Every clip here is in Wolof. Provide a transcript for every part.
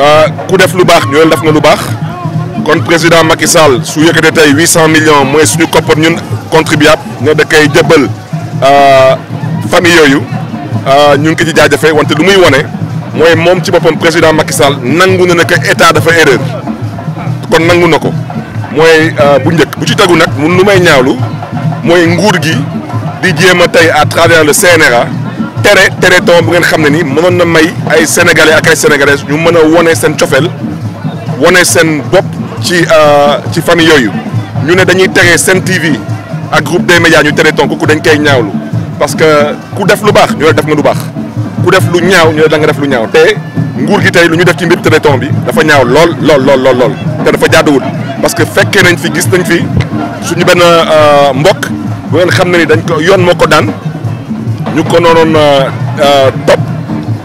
Euh, ku def lu baax ñooñu def nga lu baax kon président Macky Sall su yëkkatee tey huit cent millions mooy suñu koppar ñun contribuable ne da koy jëbbal euh, famille yooyu euh, ñu ngi ko ci jaajëfee wante lu muy wane mooy moom ci boppam président Macky Sall nangu na ne que état dafa erreur kon nangu na ko mooy bu njëkk bu ci tegu nag mun lu may ñaawlu mooy nguur gi di jéem a tey à travers le CNRA. tere tere doom bu ngeen xam ne ni mënoon na may ay sénégalais ak ay sénégalaises ñu mën a wone seen cofeel wone seen bopp ci euh, ci famille yooyu ñu ne dañuy tere seen TV ak groupe des médias ñu tere ton ku dañ koy ñaawlu parce que ku def lu baax ñu ne def nga lu baax ku def lu ñaaw ñu ne da nga def lu ñaaw te nguur gi tey lu ñu def ci mbir téléthon bi dafa ñaaw lool lool lool lool lool te dafa jaaduwul parce que fekkee nañ fi gis nañ fi suñu benn euh, mbokk bu ngeen xam ne ni dañ ko yoon moo ko daan ñu ko noonoon euh, euh, topp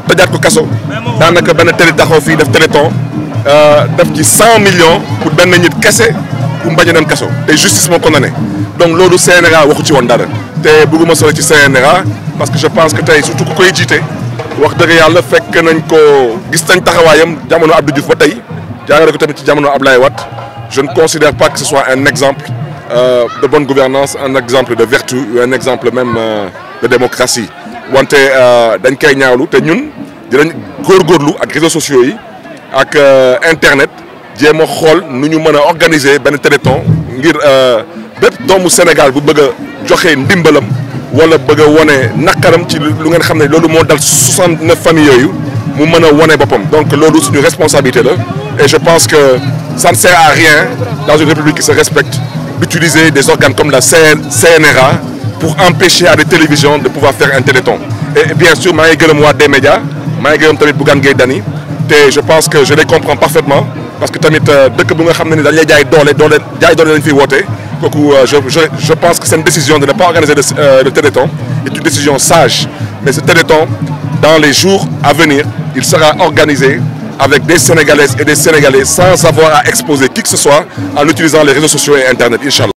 tëjaat ko kaso daanaka benn télé taxaw fii def téléthon euh, def ci cent million pour benn nit kese pour mbañ a dem kaso te justice moo condamné donc loolu CNRA waxu ci woon dara te bëgguma solo ci CNRA parce que je pense que tey surtout ku koy jiite wax dëgg yàlla fekk nañ ko gis nañ taxawaayam jamono Abdou Diouf ba tey jaarale ko tamit ci jamono Ablaye Wade je ne considère pas que ce soit un exemple de bonne gouvernance un exemple de vertu un exemple même de démocratie wante euh, dañ koy ñaawlu te ñun dinañ góorgóorlu ak réseaux sociaux yi ak euh, internet jéem a xool nu ñu mën a organiser benn téléthon ngir euh, bépp doomu Sénégal bu bëgg a joxe ndimbalam wala bëgg a wane naqaram ci lu ngeen xam ne loolu moo dal soixante neuf familles yooyu mu mën a boppam donc loolu suñu responsabilité la et je pense que ça sert à rien dans une république qui se respecte d'utiliser des organes comme la CNRA pour empêcher à des télévisions de pouvoir faire un téléthon et bien sûr maa ngi gërëm waa des médias maa ngi gërëm tamit Bougane Gueye Dany te je pense que je les comprends parfaitement parce que tamit euh, dëkk bu nga xam ne ni dañ lay jaay doole doole jaay doole lañ fiy woote kooku euh, je je je pense que c'est une décision de ne pas organiser le euh, téléthon est une décision sage mais ce téléthon dans les jours à venir il sera organisé avec des Sénégalaises et des Sénégalais sans avoir à exposer qui que ce soit en utilisant les réseaux sociaux et Internet inchallah